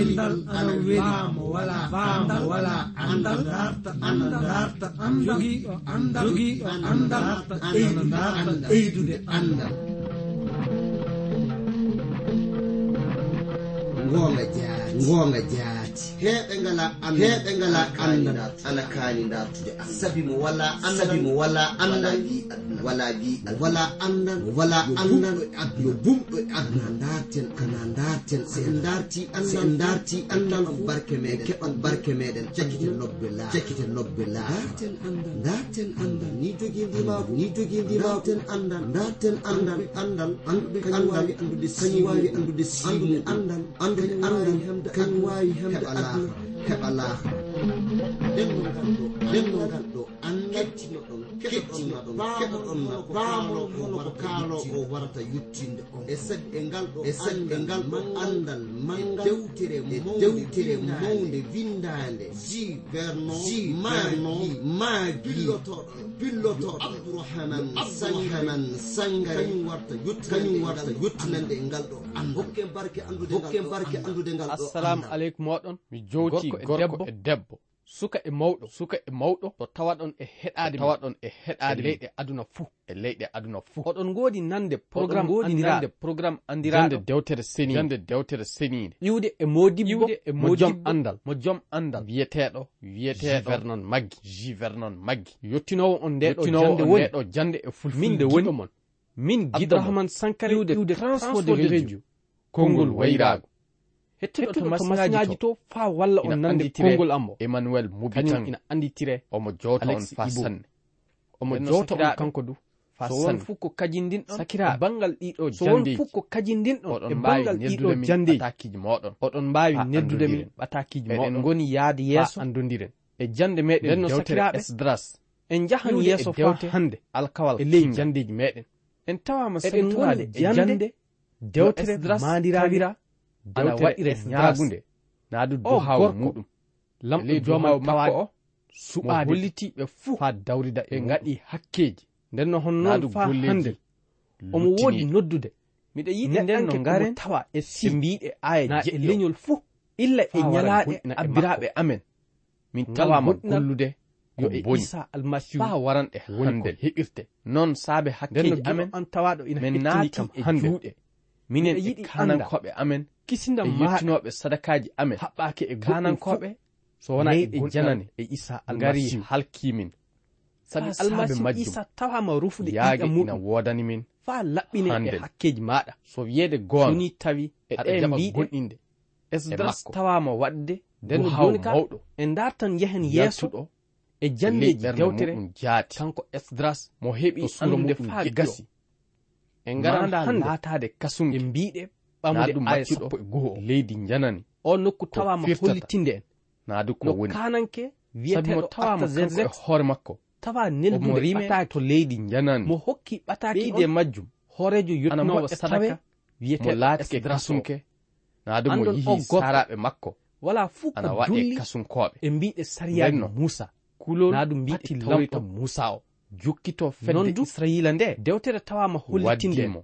andal ana weliamo wala famo wala andal darta ana darta anjogi o andal jogi o andal ana darta ɓeydude andal gonga jaa gonga jaa heɓe ngala anna ana kaani dartude sabi mo wala anwala andal wala andal yo bumɗo e adna darten ana darten sen darti ansen darti andal barke meɗen keɓan barke meɗen cakkite lobbe la cakkite lobbe la darten andal darten andal ni jogui ndimago ni jogui ndimaten andal darten andal andal anduɓe andal andude sañi wawi andude sañi andal andude andal kañ wawi hemde allah heɓa laha dengol ngal ɗo dengol ngal ɗo an keɗɗinaɗonkeɗɗonnaɗon ko kaalowo o warata yettinde on e sabi e ngal ɗo e sabi e ngal ɗo andal mandewtere dewtere mawde windade ji verno ji mano maagi pillotoɗo abdourahanan sahanan sangarekañum warta yettkañum warta yettinande e ngal ɗo and hokke barke andude hokke barke andude ngal ɗo assalamu aleykum moɗon mi jowti gorko e debbo suka e mawɗo suka e mawɗo to tawa ɗon e heɗade tawa ɗon e heɗade e leyɗe aduna fuu e leyɗe aduna fuu oɗon ngoodi nande programme ngoodi nande programme andiraande dewtere seni jande dewtere seniide ƴiwde e modibbo ƴiwde e mojom andal mo jom andal wiyeteeɗo wiyeteeɗo vernon maggi ji vernon maggi yottinowo on nde ɗo nde ɗo jande e fulfulde woni min gidahman sankari ƴiwde transfo de religio kongol wayraago hettoto masiŋaji to fa walla on nanndekongol ammo emmanuel mobitan ina anditire omo jooto on fa sanne omo jooto on kanko du sowon fuu ko kajindin ɗon sakiraa e banngal ɗiɗo jandi fuu ko kajindin ɗon oɗon e mbaawi neddude min jandiatakiji moɗon oɗon mbaawi neddude min ɓatakiji moɗon en ngoni yaade yeeso anndondiren e jannde meɗen nno sakiraaɓe sdras en njahan e yeeso fa hannde alkawal e ley jandiji meɗen en tawama sen ngoni jannde dewtere maandiraawira bala waɗire ñagunde e naadu do hawr muɗum lamɗo jomaw makko o suɓaade hollitiɓe fuu haa dawrida ɓe ngaɗi hakkeji nden no honnoonu fa hande omo woodi noddude miɗa yiɗi nden no ngaren tawa e si mbiɗe aya e je leñol fuu illa e ñalaaɗe abbiraaɓe e amen min tawama gollude yo e isa almasihu fa waranɗe hande heɓirte noon saabe hakkeji amen an tawaɗo ina hettini kam e juuɗe minen e kanankoɓe amen kisina e yettinoɓe sadakaji amen haɓɓake e, e kanankoɓe so wona e janani e isa gari halkimin sabi almasi isa tawama rufude yaage ina wodani min fa laɓɓine e hakkeji maɗa so wiyede gooni tawi e ɗe mbiɗe e esdras tawama wadde nden jonika e dartan yehen yeesoɗo e jandeji gewtere kanko esdras mo heɓi andude fa gasi en garanda latade kasum en biide bamde ay sappo e goho leydi janani o nokku tawa ma hollitinde en na du ko woni kananke wiyete mo tawa ma zezek hore makko tawa nel mo rime ta to leydi janani mo hokki bataki de majjum horejo yottino wa e sadaka wiyete latike e e drasumke na du mo yi sarabe makko wala fu ko julli kasum kobe en biide sariya musa kulol na du biite lawita musa o jukkito fedde israila nde dewtere tawama hollitinde omo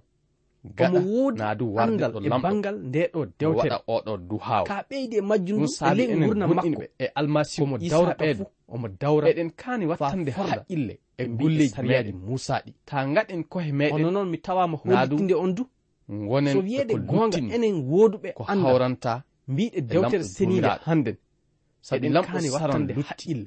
woodi angal e bangal nde ɗo dewtere oɗo duhaw ka ɓeyde majjundu ele gurna makko e almasi omo dawra ɓeɗo omo dawra eɗen kani wattande haqqille e gulleji musa ɗi ta gaɗen kohe meɗen ono noon mi tawama hollitinde on du gonen so e wiyede gonga enen wooduɓe ko hawranta mbiɗe e dewtere senide hannden saabi lamɓo saran lutti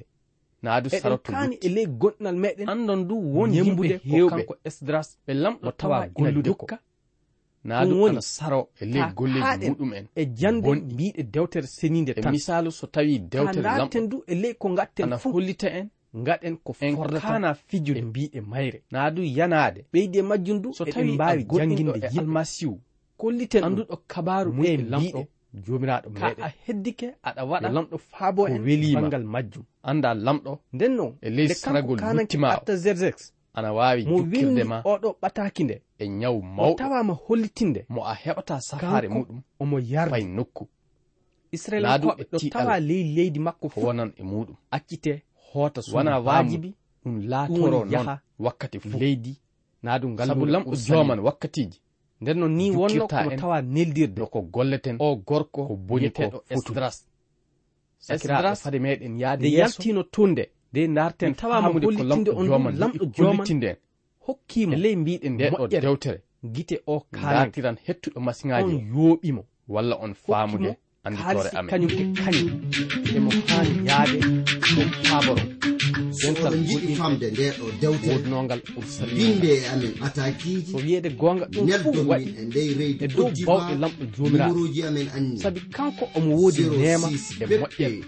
naadusaro tun kani e ley gonɗinal meɗen andon du woni yimbude hewɓe kanko esdras ɓe lamɗo tawa gollude ko naadu ana saro e ley golleji muɗum en e jande mbiɗe dewtere seninde e tan misalu so tawi dewtere lamɗo ten du e ley ko gatten ana hollita en gaɗen ko en kana fijude e mbiɗe mayre naadu yanade ɓeydi e majjum du so tawi mbawi e janginde yalmasiw kolliten anduɗo kabaru mu e lamɗo jomiraɗo meɗea heddike aɗa waɗa e lamɗo faabo en welimagal majjum anda lamɗo nden non e ley sanagol luttima atazerzex ana wawi mo windi oɗo ɓataki nde e ñaw mawɗo tawama hollitinde mo a heɓata safare muɗum omo yarfay nokku israelkoɓe e ɗo tawa ley leydi makko fu wonan e muɗum accite hoota suwona wajibi ɗum latoro yaha wakkati fu leydi na ɗum ngal sabu lamɗo joman wakkatiji nden noon ni wonno komo tawa neldirde ko golleten o gorko ko boñiteɗo esdras esdras fade meɗen yaade yaltino tunde de narten tawamaolitinde on lamɗo jomaolitinde en hokkimo e ley mbiɗen ɗo dewtere gite o kaaltiran hettuɗo masiŋaji on yooɓimo walla on faamude andiore amen kañum e kañum emo haani yaade ɗo faboro sotal jiɗi famde nde ɗo dewtewodnogal ursalinde amin atakiji o wiyede gonga ɗo neldomin e ndey reydi e dow bawɗe lamɗo jomira numéroji amen anni saabi kanko omo woodi nema e moƴƴe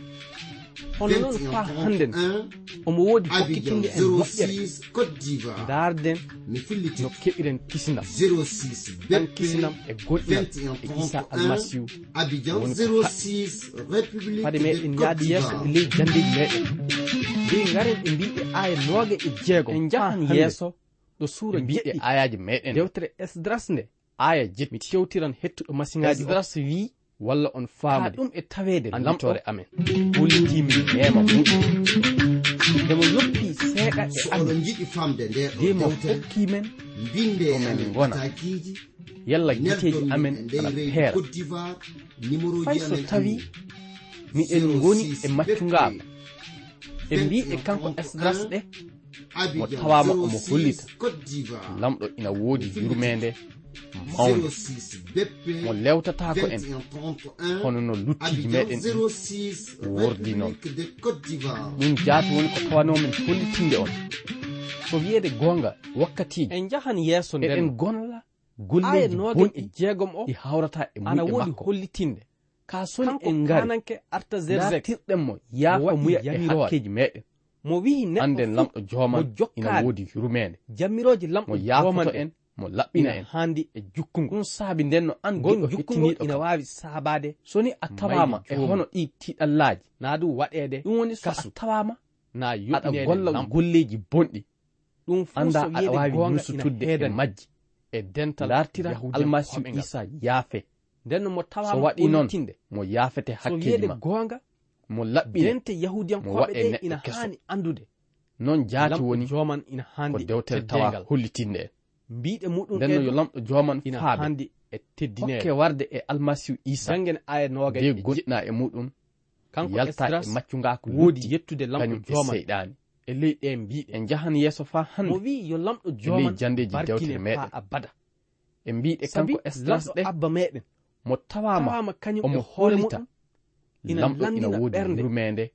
hono noon fa hannden omo woodi hokkitinde en moƴƴere côte d'ivoir daarden mi fillit no keɓiren kisinam 06 ɓen kisinam e goɗɗinae issa almasihu abidjan 06 république fade meɗen yaade yeeso e ley jandeji meɗen mbi garen ɓe mbiɓe aya nooge e jeego en jahan yeeso ɗo suura mbiɓe ayaji meɗen dewtere esdras nde aya jet mi tewtiran hettuɗo masiŋaji esdras wi walla on faama ɗum e taweede lamtore amen hollitimi heema muɗum ndemo yoppi seeɗa e aɗo jiɗi famde nde demo hokkimen binde omin gona yalla giteji amen peera e fayso tawi miɗen goni e maccu ngaaba ɓe mbi ɓe kanko esdras ɗe mo tawama omo hollita lamɗo ina woodi yurmende mawde mo lewtatako en hono no luttiji meɗen wordi noon ɗum jaata woni ko tawanomen hollitinde on ko wiyede gonga wakkatiji en jahan yeeso eɗen gonla gollejiboni e jeegom o ɗi hawrata e muɗe makko ana woodi hollitinde kasoni e ngarinatirɗenmo yaamuyahakkeji meɗen mo wii neanden lamɗo jomanina wodi hirumede jammiroje lamɗo jomano en mo laɓɓina en handi e jukkugo ɗum saabi ndenno an gon jukkuiɗo ina wawi saabade soni a tawama e hono ɗi tiɗallaji na du waɗede ɗum woni so a tawama na aɗa golla golleji bonɗi ɗum anda aɗa wawi nusutudde e majji e dental lartira almasihu isa yaafe ndenno mo tawaso waɗi noon mo yaafete hakkeede goonga mo laɓɓirente yahudiyanmo waɗe neɗɗo keso andude noon jaati woni jooman ina handi ko dewtere e tawa hollitinde en mbiɗe muɗum ndenno yo lamɗo jooman ina handi e teddinere hokke warde e almasihu isa jangen aya noga de e gonɗina e muɗum kanko e yalta e maccungako woodi yettude lamɗo jooman seyɗani e leyɗe mbiɗe en jahan yeeso fa hande mo wi yo lamɗo jooman leyi jandeji dewtere meɗen abada en mbiɗe kanko estras ɗe abba meɗen mo tawama e omo hoolita lamɗo ina woodi rumende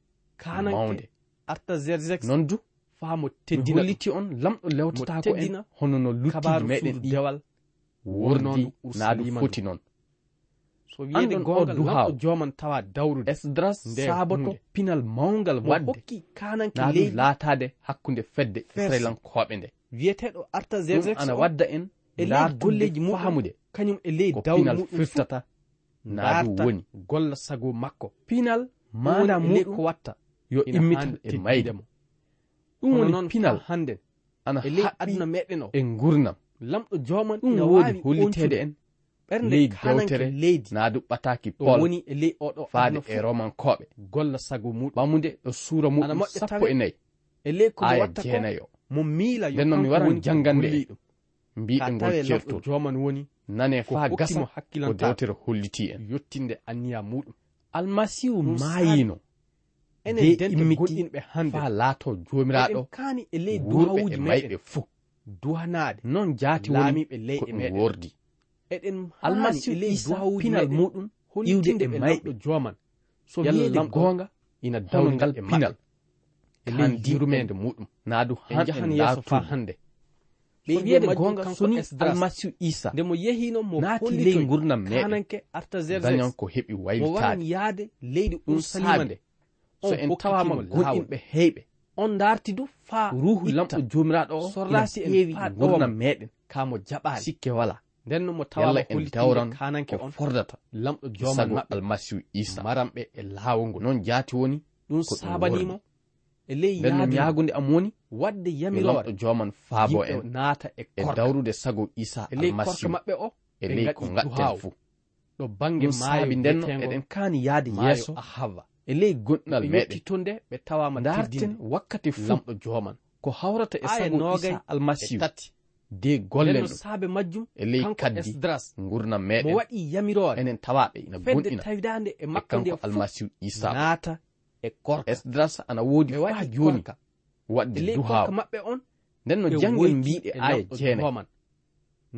mawnde non du holliti on lamɗo lewtotako en hono no luttiji meɗen ɗi wordi naa du foti noon anɗon o duhaoesdras saboto pinal mawgal waddena du laatade hakkunde fedde israilankoɓe e nde ana wadda en E ley golleji mu hamude kañum e ley dawnal firtata na ɗu woni golla sago makko pinal mana le ko watta yo immita e mayde mo ɗum woni pinal hande ana e ley aduna meɗen o e gurnam lamɗo joman ɗum woodi holliteede en ɓerley dewtere leydi na du ɓataki pol woni e ley oɗo faade e roman kooɓe golla sago muɗum ɓamude ɗo suura muɗum sappo e nayi e ley ko aya jeenayi o mo miila yo nden noon mi waran jangande ɗum mbiɗe ngol kertolnanefagasadewtere holliti enyottideaniyamuɗum almasihu maayino be immiti faa laato joomiraaɗo e wurɓe e mayɓe fuu duwanaaɗe noon jaati woni ko e ɗum wordi e almasihu isaa pinal muɗum iwde e mayɓe jooman so yalla goonga ina dawngal e pinal e leydirumeende muɗum naa du hanɗe laatuu hannde ɓe wiyede gonga soni almasihu isa nde mo yehino mo naati ley gurdam meɗenke artaxerxesdañan ko heɓi waymitaade mo waran yaade leydi ursalima nde so en tawama goɗɗinɓe heyɓe on darti du fa ruhu lamɗo jomiraɗo o sorlasi en fa gurdam meɗen ka mo jaɓaali sikke wala nden no mo tawama kolitawran kananke on fordata lamɗo jomaɗo almasihu isa maramɓe e lawol ngo noon jaati woni ɗum sabanimo e ley yaagunde am woni wadde yamirore joman faabo en naata e e dawrude sago isa e almasihu maɓɓe o e ley ko gatten fou ɗo bange maayabi ndenno eɗen kaani yaade yeeso a hawa e ley goɗɗinal meɗetitunde ɓe tawama darten wakkati fu lamɗo joman ko hawrata e sagoa almasihu e de gollen saabe majjum e ley kaddiesdras gurna meɗen mo waɗi yamirore enen tawaɓe ina gonɗina fedde tawidande e, e makko nde almasihu isa naata e esdras ana woodi faa e jooni waɗde duhaawo maɓɓe on nden no e janngel mbiɗe e aya jeenay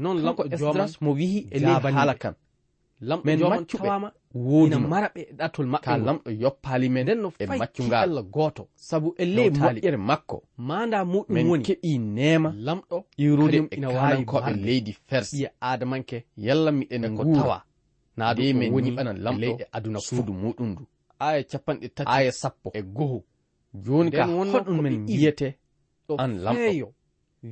non lanko esdras mo wihi e ley haala kan men maccuɓe woodi mara ɓe e ɗatol maɓɓeka lamɗo yoppaali men nden no e maccungal allah gooto sabu e ley moƴƴere makko manda muɗum woni keɓii neema lamɗo iwrude e kalankoɓe leydi fers ɓiya adamanke yalla miɗen ko tawa naa de men woni ɓana lamɗo e aduna suudu muɗum ndu aya capanɗe tati aya sappo e goho joni ka hoɗum men wiyete an lamɗo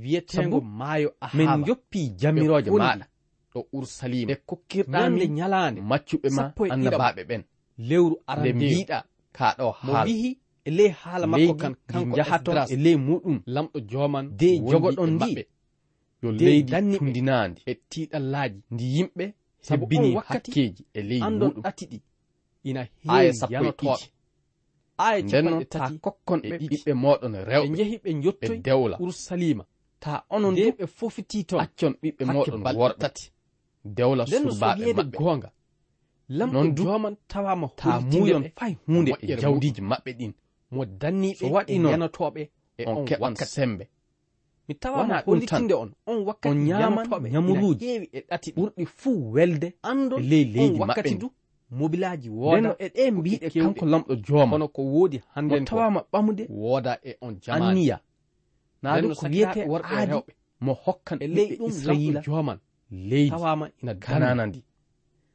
wiyetego maayo ahaba min joppi jamiroje maɗa ɗo ursalima e kokkirɗande ñalande maccuɓe ma e annabaɓe ɓen lewru arande mbiɗa ka ɗo haala mo wihi e ley haala makko kan kanko jahato e ley muɗum lamɗo joman de e jogoɗon ndi yo leydi tundinandi e tiɗallaji e ndi yimɓe sabu on wakkati hakkeji e ley muɗum andon ɗatiɗi ina heyanotoɓeakokkon e e ɓe ɓiɓɓe moɗon e rewɓe jehi ɓe jottoy dewla urusalima ta onon de ɓe fofiti to accon ɓiɓɓe moɗon wortati dewla surbaɓe gonga lamnon joman tawama ta muyon fay hunde e jawdiji maɓɓe ɗin mo danniɓe waɗi yanotoɓe e on keɓan sembe mi tawama hollitinde on on wakkati on yanotoɓe ñamuruji ƴeewi e ɗati ɓurɗi fuu welde andol ley leydi maɓɓe du mobilaji wodano e ɗe mbiɗe kanko lamɗo jooma kono ko woodi hannde tawama ɓamude wooda e on janniya na ɗum ko wiyete worɓe e rewɓe mo hokkan e ley ɗum israila jooman leydi tawama ina ganana ndi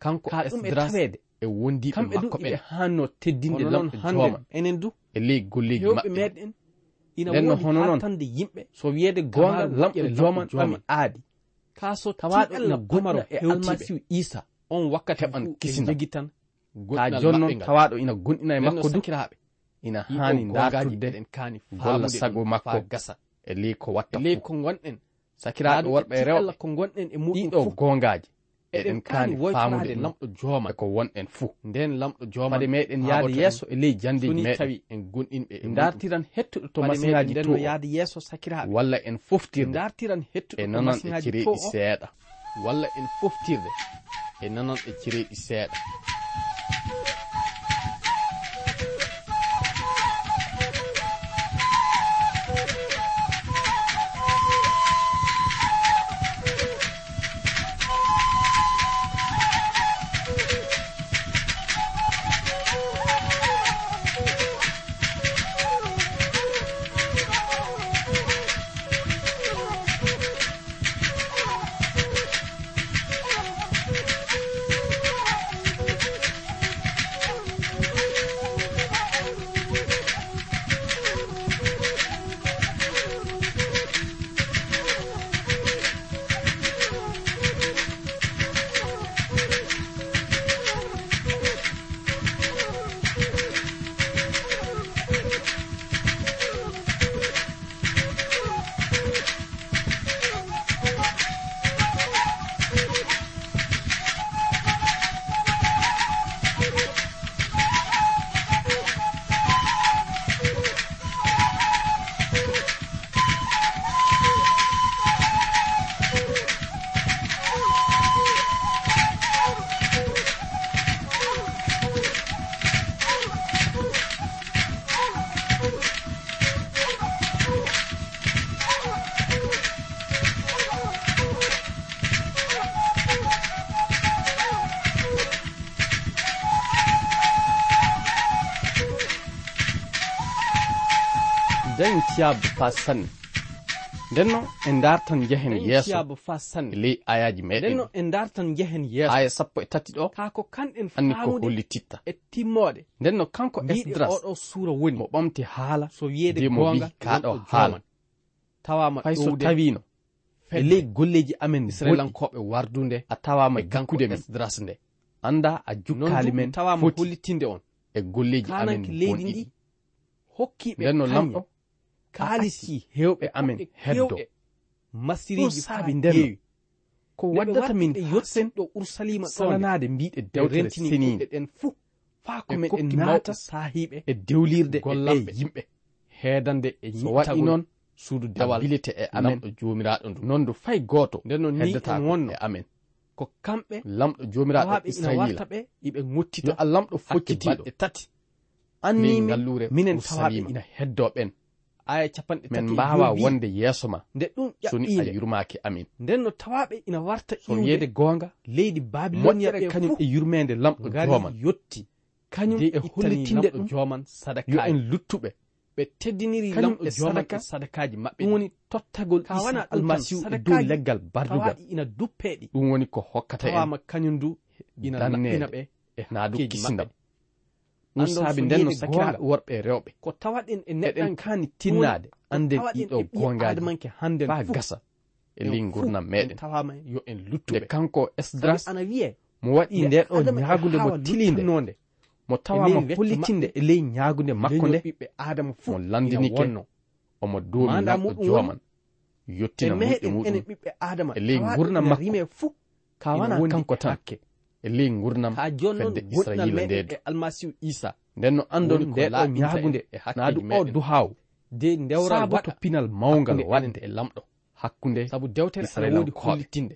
kanko ha ɗum e tawede e wondi kamɓe ɗum ɓe e hanno teddinde lamɗo jooma enen du e ley golleji maɓɓe meɗen ina wonno hono noon tande yimɓe so wiyede gonga lamɗo jooman ɓami aadi ka so tawaɗo ina gomaro e almasihu isa on wakkati an kisinjogi tan ta jonnon tawaɗo ina gonɗina e makko dukiraɓe ina hani dartudeen kani golla sago makko gasa e li ko watta e li ko gonɗen sakiraɗo worɓe e rewɓe ko gonɗen e muɗum ɗiɗo gongaji eɗen kani famude lamɗo jooma e ko wonɗen fuu nden lamɗo jooma de meɗen yaade yesso e ley jandiji me tawi en gonɗinɓe e dartiran hettuɗo to masinaji to yaade yesso sakiraɓe walla en foftirde dartiran hettuɗo e nanan e ciriɗi seeɗa walla en foftirde 717 dañ siyaabu fa sanne ndenno e ndartan jehen yeesoyaabu fa sanne ley ayaji meɗen ndenno e ndartan jehen yeeso aya sappo e tati ɗo kako kanɗen fanni ko holli titta e timmoɗe ndenno kanko e esdras oɗo suura woni mo ɓamti haala so wiyeede gonga kaɗo haala tawama fay so tawino e ley golleji amen israelankoɓe wardunde a tawama e, e gankude esdras nde anda a jukkali men tawama hollitinde on e golleji amen leydi ndi hokkiɓe ndenno lamɗo kaaliski hewɓe amen heddo masiriji saabi ndeno ko waddata min yotsen ɗo urusalima salanade mbiɗe dewtereseniiɗeɗen fuu faa ko meɗen naata saahiɓe e dewlirde gollaɓe yimɓe heedande e ñiwaɗi noon suudu dawal bilite e amen ɗo jomiraɗo ndu non du fay gooto ndennon heddata wonno e amen ko kamɓe lamɗo jomiraɗoɓe israila iɓe gottito a lamɗo foccitiɗo e tati anni min galluure minen tawaɓe ina heddoɓen aya capanɗe min mbawa wonde yeeso ma nde ɗum soni a yurmaki amin nden no tawaɓe ina warta so yeede gonga leydi babiloniare e kañum e yurmede lamɗo joman yotti kañum e hollitinde ɗo joman sadaka yo en luttuɓe ɓe teddiniri lamɗo joman e sadakaji e maɓɓe ɗum woni tottagol isa almasihu e dow leggal bardugal ina duppeɗi ɗum woni ko hokkata en kañum du ina ɓe e naadu kisinɗam no saabi ndenno sakira worɓe rewɓe ko tawaɗen e neɗɗoeɗen kani tinnade ande ɗiɗo e gongaji hande fa gasa e li gurdam meɗen tawama yo en luttuɓe kanko esdras ana wiye mo waɗi ndeɗo e ñagude mo tilinde mo e tawama hollitinde e ley ñagude makko nde ɓiɓɓe adama fu mo landinike omo duumi nanɗo joman yottina muɗe muɗum e ley gurdam makko rime fu kawana kanko tan E li gurnam ha jonnon gurnal men e almasiu isa nden no andon e de la nyaagunde e hakkunde naadu o du haaw de ndewra ba to pinal mawngal wadde e lamdo hakkunde sabu dewtere sare wodi kollitinde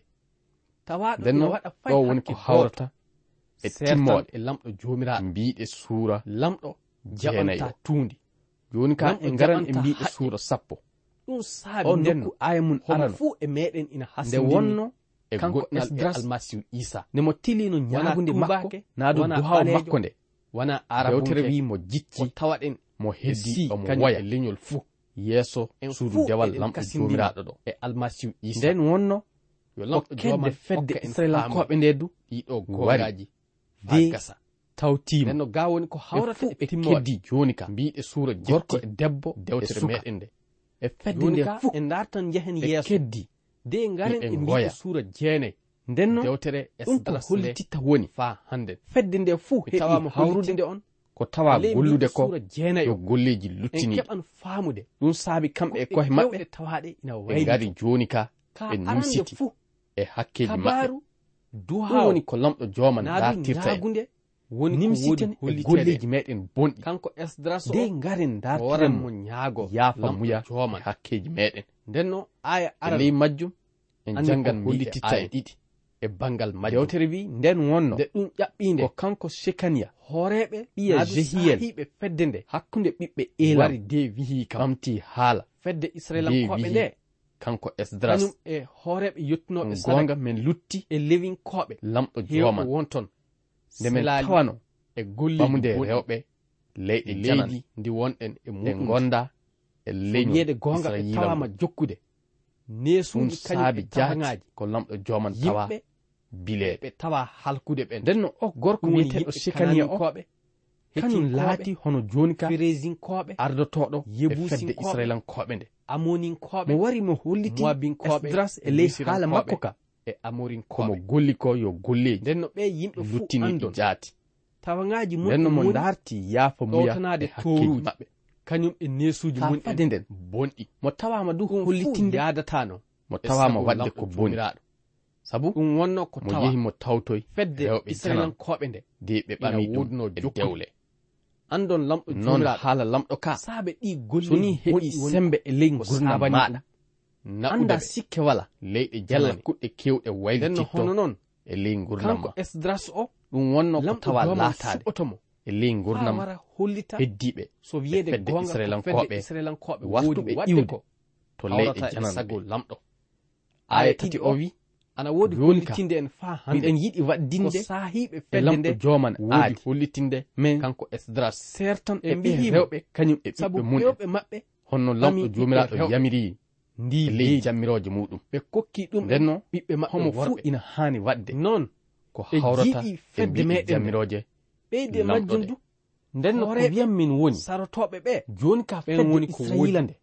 tawa do no wada fay do woni ko hawrata e timmol e lamdo jomira biide sura lamdo jabanta tundi joni ka e ngaran e biide sura sappo dum saabi nokku ay mun ana fu e meden ina hasinde de wonno eesdrasalmasihu e isa nemo tili no ñagude makko naɗu duhaw makko nde wona arayewtere wi mo jicci tawaɗen mo e heddi omo waya e leñol fuu yeeso suudu dewal lamɗo jomiraɗo ɗo e almasihu isa nden wonno okede fedde israelankoɓe nde du ɗiɗo goraji dgasa tawtima nenno ga woni ko hawrata e keddi joni ka mbiɗe suura jorko e debbo dewtere meɗen nde e fedde nde fuu e dartan jehen yeeso keddi de ngaren en goya sura jene den no dewtere e, e woni fa hande fedde nde fu he tawama hawrude nde on ko tawa gollude ko yo golleji luttini en keban famude dum sabi kambe e ko e he mabbe tawade ina wayi ngari joni ka en musiti e hakkeji mabbe duha woni ko lamdo joma na tirta gunde woni nimsiti golleji meden bondi kanko esdras de ngaren dar tan mo nyago ya famuya joma hakkeji meden denno aya aran le majjum jangaolitita ɗiɗi e bangal ma yewtere wi nden wonno nde ɗum ƴaɓɓinde ko kanko sekaniya hooreɓe ɓiya jehiyelhiɓe fedde nde hakkunde ɓiɓɓe elari de wihi kam ɓamti haala fedde israilankoɓe nde kanko esdrasum e hooreɓe yettunoɓe gonga men lutti e lewinkoɓe lamɗo jooma wonton nde men tawano e gollibamude rewɓe leyɗe leydi ndi wonɗen e mu gonda e leyñeɗe gonga e tawama jokkude neesuuji kañaji e ko lamɗo joman tawa bileɓe tawa halkude ɓe nden no oh, o gorko wiyeteɗo sikania oɓe kañum laati hono joni ka présinkoɓe ardotoɗo yebusfedde israilankoɓe nde amoninkoɓe mo wari mo hollitiabinkoɓedras e ley haala makko ka e amorinkomo golli ko yo golleji nden no ɓe yimɓe luttini jaati tawaaji mu nden no mo darti yaafa muyatanade toruji maɓɓe kañum e nesuji mum fade nden bonɗi mo tawama du hollitinde yadatano mo e tawama wadde ko boni sabu ɗum wonno ko mo yeehi mo tawtoy fedde israelankoɓe e nde de ɓe ɓami wudno e dewle andon lamɗo non hala lamɗo ka saabe ɗi golle ni heɓi sembe e ley gurna maɗa anda sikke wala leyɗe jalla kuɗɗe kewɗe wayli hono noon e ley gurna kanko esdras o ɗum wonno ko tawa latade otomo E li gurnam heddiɓe fedde israelankoɓe wastuɓe iwde to leyɗe jananaɓe aya tati o wi ana wodi hollitinde en fa hande en yidi waddinde sahibe fellende joman aadi hollitinde men kanko esdras certain e, e, e bihi rewbe kanyum e sabu rewbe mabbe honno lamdo jomirado yamiri ndi le jamiroje mudum be kokki dum denno bibbe mabbe homo fu ina hani wadde non ko hawrata e bihi jamiroje ɓeyde majjum du nden ko wiyam min woni sarotoɓe ɓe joni ka ɓen woni ko wila nde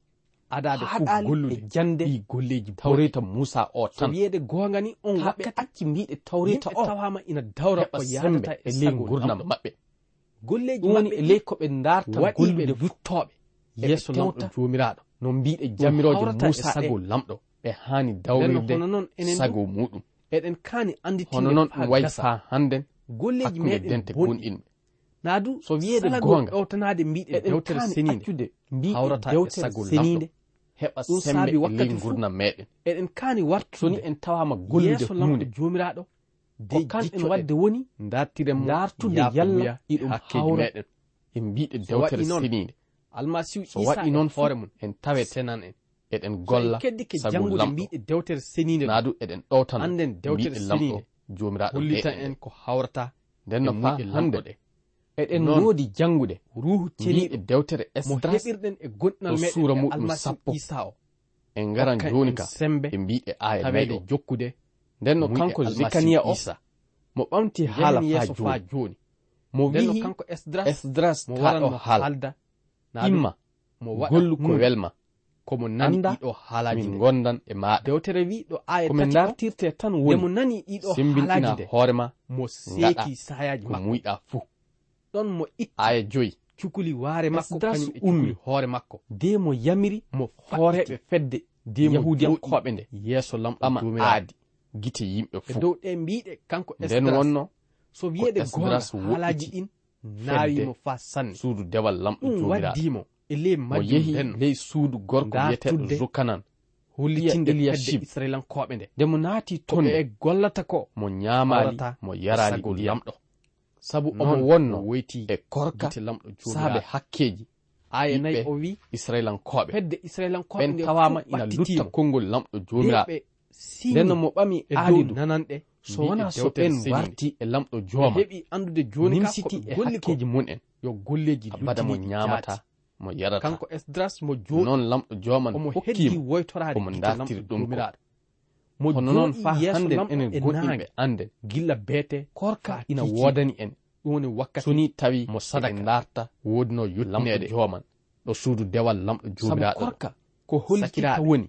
adade fugollude e jande ɗi golleji tawreta musa o tan wiyede gonga ni on wakka acci mbiɗe tawreta o tawama ina dawra sembe e, e ley gurdam maɓɓe golleji woni e ley koɓe darta gollude wuttoɓe yesso lamɗo jomiraɗo no mbiɗe jamiroje e musa sago lamɗo ɓe hani dawrirde sago muɗum eɗen kani anditinnonon ɗum way sa hannden golleji meɗen naadu so wiyeede gonga ɗowtanaade mbiɗen dewtere seninde hawrata e sagol lamɗo heɓa sembe e ley gurdam meɗen eɗen kaani wartu soni en tawama gollude hunde jomiraɗo de kan en wadde woni dartirem dartude yalla iɗum e hakkeji meɗen en mbiɗe dewtere seninde almasihu so waɗi noon e hoore mum en tawe tenan en eɗen golla sagol lamɗo mbiɗe dewtere seninde naadu eɗen ɗowtan anden dewtere seninde jomiraɗohollitaen e ko hawrata ndennohande e eɗen e noodi janguɗe ruhu celiɗe dewtere esdrasmoheɓirɗen e gonɗinal me suura muɗum sappo isao en garan joni ka sembe ɓe mbiɗe aya tawede jokkude nden no kanko zikania o mo ɓamti haala fa joni fa joni mo wihi kanko esdras esdras taɗo haalda imma mo waɗa gollu ko mm. welma komo e nani ɗiɗo haalaji gondan e ma dewtere wi ɗo ayatomin dartirte tan wonimo nani ɗiɗo haalajide hoorema mo seeki sayaji makko muyɗa fuu ɗon mo itti aya joyi cukuli waare makko kañum e cukuli hoore makko de mo yamiri mo hooreɓe fedde dehudiyankoɓe nde yeeso lamɗama aadi gite yimɓe e fuu dow ɗe mbiɗe kanko nden wonno so wiyeɗe gooa haalaji ɗin nawimo fa sanne suudu dewal lamɗo ɗum waddimo E o yehi ley suudu gorko wiyeteɗo zukanan hulliyaeliyashib israelankoɓe nde nde mo naati ton e gollata ko mo ñaamaali mo yaraali lamɗo sabu omo wonno woyti e korkate lamɗo saabe hakkeji ayenayi o wi israelankoɓe hedde israelankoɓe nde tawama ina lutta konngol lamɗo joomiraɓe ndenno mo ɓami e aalidu nananɗe so wona so ɓen warti e lamɗo jooma heɓi andude joni nimsiti e hakkeji mun en yo golleji badamo ñaamata mo yarata kanko esdras mo jooɗi noon lamɗo jooman omo heddi woytoraade omo dartiri ɗum mo jooɗinoon fa hande enen e goɗɗinɓe ande gilla beete korka ina woodani en ɗum woni wakkati soni tawi mo sadaka darta woodino yuttineeɗe jooman ɗo suudu dewal lamɗo joomiraaɗo korka ko hollitirta woni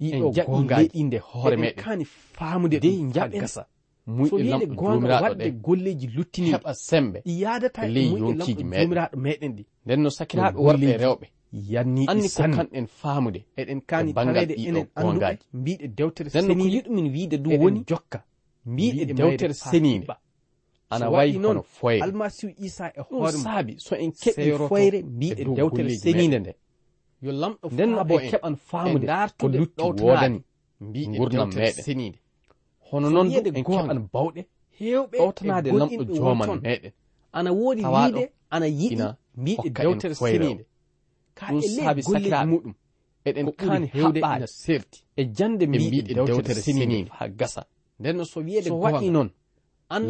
en jaɓi leyɗinde hoore meɗen kani faamude ɗum jaɓe gasa muyɗelamjomiraɗoɗe golleji luttini heɓa sembe yadata e ley yonkiji meɗenjomiraɗo meɗen ɗi nden no sakiraɓe worɓe rewɓe yanni anni e ko kanɗen famude eɗen e kani tawede enen andugaji mbiɗe dewtere senide nden ko yiɗumin wiide ɗum woni jokka mbiɗe dewtere senide ana wayi hono foye almasihu isa e hoore ɗum saabi so en keɓɓi foyre mbiɗe dewtere senide nde yo lamɗo nden no ɓe keɓan famude ko lutti wodani mbiɗe dewtere senide hono noon du en keɓan bawɗe ɓawtanade lamɗo e joman meɗen ana wodi wiide ana yiɗi mbiɗe dewtere seniɗe kaɗum e saabi sakiraɓe muɗum eɗen kani hewde ina serti e jande e mbiɗe dewtere seniɗe ha gasa nden no so wiyede so waɗi noon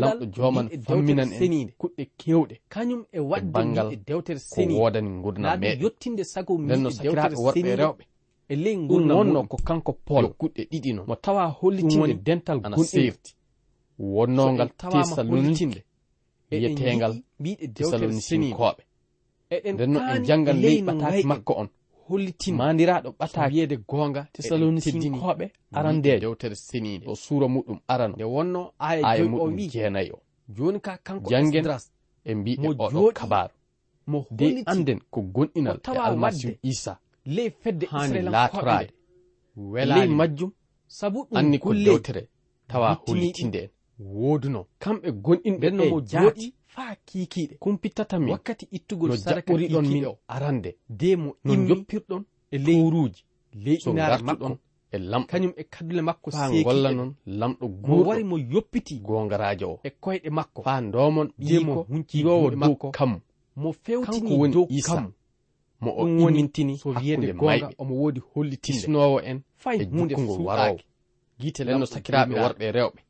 lamɗo joman famminan en kuɗɗe kewɗe kañum e waɗde mbiɗe dewtere seniɗe ko wodani gurdam meɗen yottinde sago mbiɗe dewtere seniɗe nden no sakiraɓe worɓe rewɓe e ley ngur wonno ko kanko pol guɗɗe ɗiɗi no mo tawa hollitinde dental gulɗeefti wonnongal tesalonicinde wiyetegal tesalonicinkoɓe ndenno en jangal e e ley ɓataki makko on hollitin mandiraɗo ɓataki wiyede gonga e tesalonicinkoɓe arandeje dewtere senide o suura muɗum arano nde wonno aya muɗum jeenayi o joni ka kanko jangen e mbiɗe oɗo kabaru mo de anden ko gonɗinal e almasihu isa ley fedde hani latorade welaley majjum sabu anni ko dewtere tawa hollitinde en woduno kamɓe gonɗinɓe no mo jaati fa kikiɗe kumpittatami wakkati ittugol no jaɓɓoriɗon min arande de mo no joppirɗon e ley wuruji leyɗinare makɗon e lamɗo kañum e kadule makko fa golla noon lamɗo gomo wari mo yoppiti gongarajo o e koyɗe makko fa ndomon de mo hunciwowo dow kammo mo fewtini dow kammo mo o innintini so wiyede gonga omo woodi holli tisnowo en e fay hunde fuɗaake gite lenno sakiraɓe worɓe e rewɓe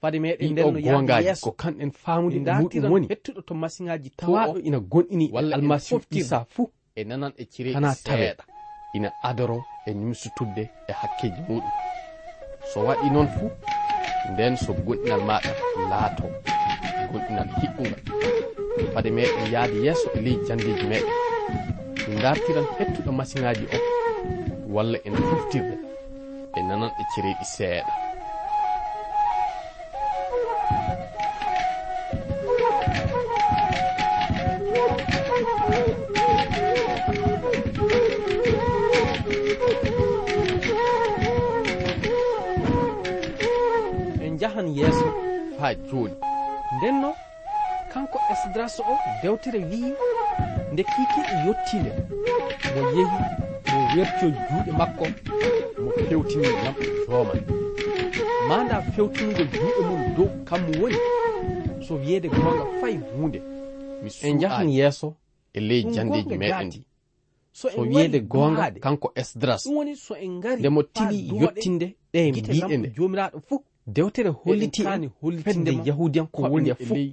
fade meɗen nden no yaa yeso ko kanɗen famude muɗum woni hettuɗo to masiŋaji tawaɗo ina gonɗini walla almasihu isa fuu e nanan e cire hana taweeɗa ina adoro e nimsutudde e hakkeji muɗum so waɗi noon fuu nden so gonɗinal maɗa laato gonɗinal hiɓɓuga fade meɗen yaade yeeso e ley jandeji meɗen dartiran hettuɗo masiŋaji o walla ena huftirɗe e nananɗe cereɗi seeɗa en jahan yeeso haa jooɗi ndenno kanko esdras o dewtere wii nde kiikiiɗe yettiinde mo yehi mo wertoy juuɗe makko mo fewtini lam rooman e manda fewtinugol juuɗe mum dow kammo woni so wiyeede gonga fay hunde e jahan yeeso e ley janndeji meɗen ɗi so wiyeede gonga kanko esdras nde mo tili yottinde ɗe mbiɗe nde dewtere hollitie fedde yahudiyan ko woni e, e fou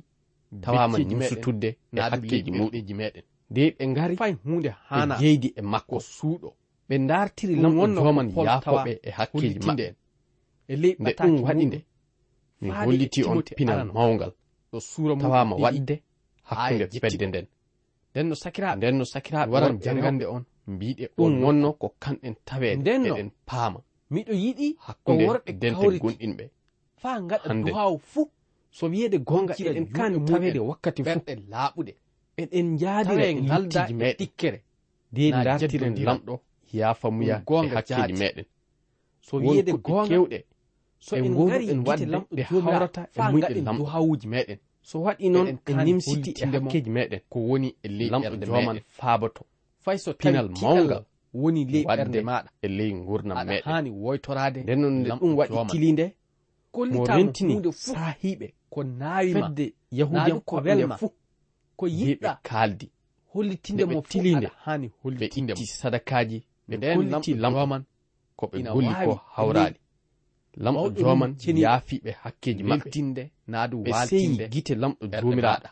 Mm. tawama musutudde e, e hakkeji muɗeji meɗen nde ɓe gari fay hunde hana jeydi e, e makko suuɗo ɓe dartiri lamjoman yafoɓe e hakkeji maɓɓe e ley nde ɗum waɗi nde mi holliti on pinal mawgal tawama waɗde hakkunde e fedde nden ndenno sakiraɓe ndenno sakiraɓe waran jangande on mbiɗe ɗum wonno ko kamɗen tawe ndenoeɗen paama miɗo yiɗi hakkunde dente gonɗinɓe fa gaɗa duhaw fuu so mi yiide gonga en kani tawede wakkati fuɓe laaɓuɗe eɗen jaadiraltiji e meɗenikkere de dartiren lamɗo yafamuya hakkiji meɗen so wiyede gongakewɗe so e en gori en wadde lamɗo jomirata e, e muyɗe lamɗo hawuji meɗen so waɗi noon e nimsiti e hakkeji meɗen ko woni e ley ɓerɗe joman faabato fay so pinal mawga woni ley ɓerɗe maɗa e ley gurdam meɗen hani woytorade nden noon ɗum waɗi tilinde mo rentini sahiɓe ko nawimade yahudiyankoelmafu ko yiɓɓe kaldi hollitinde mo tilinde hani hollitinti sadakaji ɓe kolliti lamjoman ko ɓe golli ko hawraɗi lamɗo joman yaafiɓe hakkeji mabɓe ɓe sei gite lamɗo jomiraɗa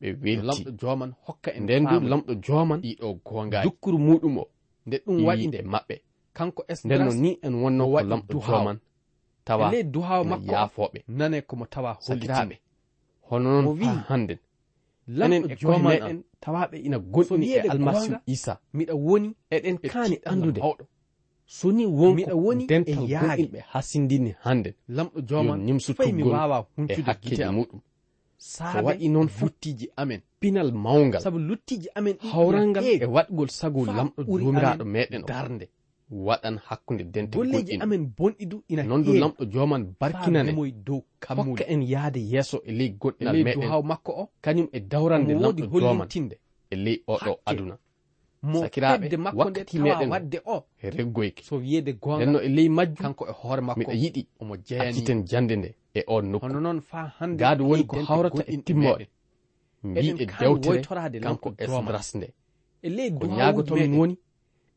ɓe welti lamɗo joman hokka e nden du lamɗo joman ɗiɗo gongaji dukkuru muɗum o nde ɗum waɗi nde mabɓe kanko esnden no ni en wonno ko lamɗo joman tawa ne duhawo makko yafoɓe nane komo tawa hokkitaɓe honon o wii hannden lanen e en tawaɓe ina gonɗini e almasihu isa miɗa woni e eɗen kaani andude mawɗo so ni won miɗa woni e yaaɓe hasindini hannden lamɗo jooman nimsutfay mi wawa e huncude gite muɗum so waɗi noon futtiji amen pinal mawgal sabu luttiji amen hawrangal e waɗgol sago lamɗo jomiraɗo meɗen darde waɗan hakkunde dente golleji amen bonɗi du ina non du lamɗo joman barkinane moy dow kamuka en yaade yeso e ley goɗɗe ley meɗen haw makko o kanyum e dawrande lamɗo joman e ley o ɗo aduna mo sakiraɓe wakkati meɗen wadde o e reggoyke so wiyede gonga nenno e ley majju kanko e hoore makko miɗa yiɗi omo jeyaniten jande nde e o nokku hono noon fa hande gaade woni ko hawrata e timmoɗe mbi e dewtere kanko esdras nde e ley ko ñagotomin woni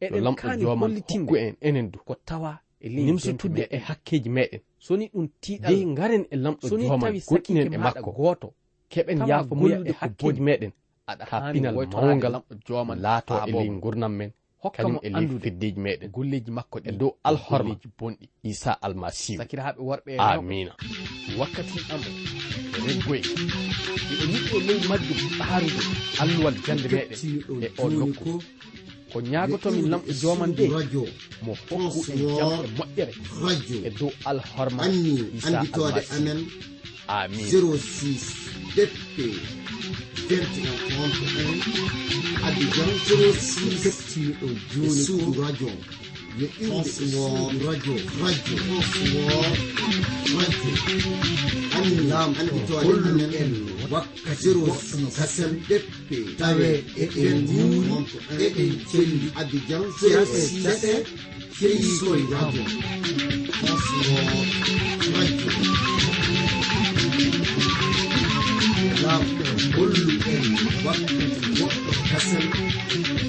eɗenkanihollitingoen enen du ko tawa nimsotudde e, e hakkeji meɗen soni ɗum tiɗadei garen e lamɗo joomagoɗinen e makko goto keɓen yaafa mollude e hakkeji meɗen aɗa ha pinal mawgal joma laato e ley gurnam men kañum e ley feddeji meɗen golleji makko e dow alhormaji bonɗi isa almasihu sakiraɓe worɓe e amina wakkati am reggoye iɗo niɗɗo ley majjo ɓaarude alluwal jande meɗen e o nokku ko ñaagotomin lamɗo joman de mo hokku en jamɓe moƴƴere e dow alhorma anditode amen amin 06 dp 21 abidjan 06 ftino ɗo joni suudu radio yo iwo radio radio oo radio anilam anditode amen wakkatir wotuno kasen ɗeppe tawe eɗen guuri eɗen celli abidjan siyasiyaɗe keysoy rabo ollu en wakkati woɗɗo kasen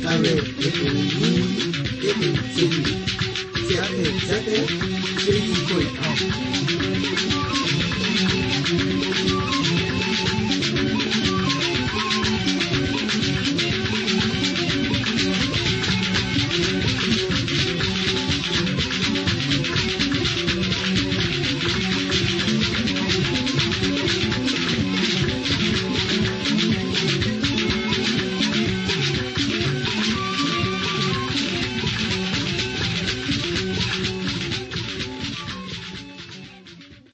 tawe eɗen guuri eɗen celli ceɗe ceɗe keyikoye kam